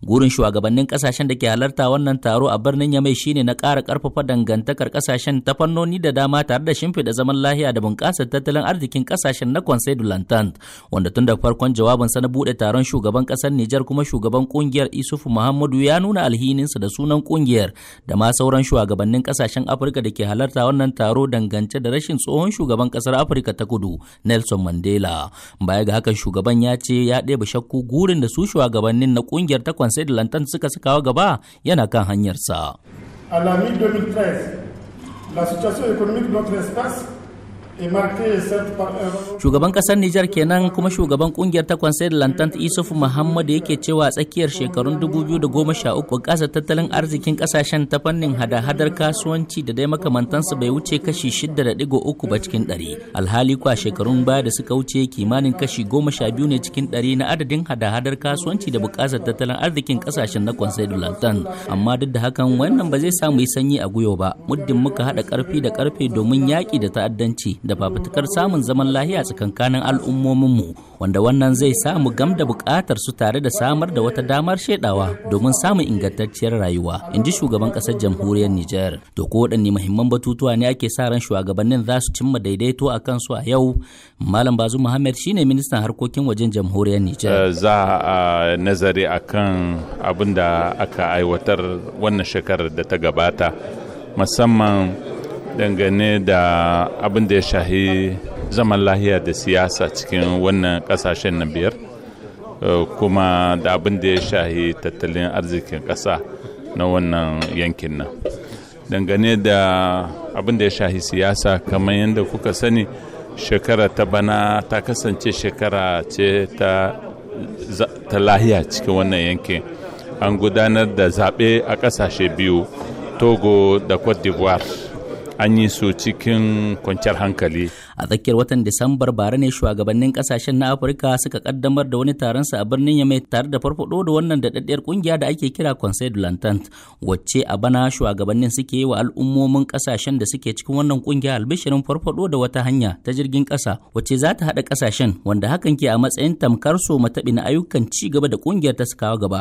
Gurin shugabannin kasashen da ke halarta wannan taro a birnin Yamai shine na ƙara ƙarfafa dangantakar kasashen ta fannoni da dama tare da shimfiɗa zaman lahiya da bunƙasar tattalin arzikin kasashen na Conseil de l'Entente wanda tun da farkon sa na buɗe taron shugaban ƙasar Nijar kuma shugaban ƙungiyar Isufu Muhammadu ya nuna alhininsa da sunan ƙungiyar da ma sauran shugabannin kasashen Afirka da ke halarta wannan taro dangance da rashin tsohon shugaban ƙasar Afirka ta Kudu Nelson Mandela. Baya ga haka shugaban ya ce ya ɗebe shakku gurin da su shugabannin na ƙungiyar ta sai da lantan suka sakawa gaba yana kan hanyarsa. A la mi 2013, la situation économique de notre espace Shugaban kasar Nijar kenan kuma shugaban kungiyar ta Kwansai da l'Entente Isufu Muhammad yake cewa tsakiyar shekarun 2013 ƙasa tattalin arzikin kasashen ta fannin hada-hadar kasuwanci da dai makamantansu bai wuce kashi 6.3 ba cikin 100. Alhali kwa shekarun baya da suka wuce kimanin kashi 12 ne cikin 100 na adadin hada-hadar kasuwanci da bukasa tattalin arzikin kasashen na Kwansai da Amma duk da hakan wannan ba zai samu yi sanyi a guyo ba muddin muka haɗa ƙarfi da ƙarfe domin yaƙi da ta'addanci da fafutukar samun zaman lahiya tsakankanin al'ummominmu wanda wannan zai samu gam da buƙatar su tare da samar da wata damar shaidawa domin samun ingantacciyar rayuwa in ji shugaban ƙasar jamhuriyar Nijar. To ko waɗanne muhimman batutuwa ne ake sa ran shugabannin za su cimma daidaito a kansu a yau. Malam Bazu Muhammad shine ministan harkokin wajen jamhuriyar Nijar. Eh, za a nazari akan abin da aka aiwatar wannan shekarar da ta gabata musamman dangane da abin da ya shahi zaman lahiya da siyasa cikin wannan kasashen na biyar eh, kuma da abin da ya shahi tattalin arzikin ƙasa na wannan yankin nan dangane da abin da ya shahi siyasa kamar yadda kuka sani shekara ta bana ta kasance shekara ce ta, ta lahiya cikin wannan yankin an gudanar da zaɓe a ƙasashe biyu togo da cote d'ivoire an yi su cikin kwanciyar hankali. A tsakiyar watan Disambar bara ne shugabannin kasashen na Afirka suka kaddamar da wani taron sa a birnin Yamai tare da farfado da wannan daɗaɗɗiyar kungiya da ake kira Conseil de l'Entente wacce a bana shugabannin suke yi wa al'ummomin kasashen da suke cikin wannan kungiya albishirin farfado da wata hanya ta jirgin ƙasa wacce za ta haɗa kasashen wanda hakan ke a matsayin tamkar so mataɓi na ayyukan ci gaba da kungiyar ta kawo gaba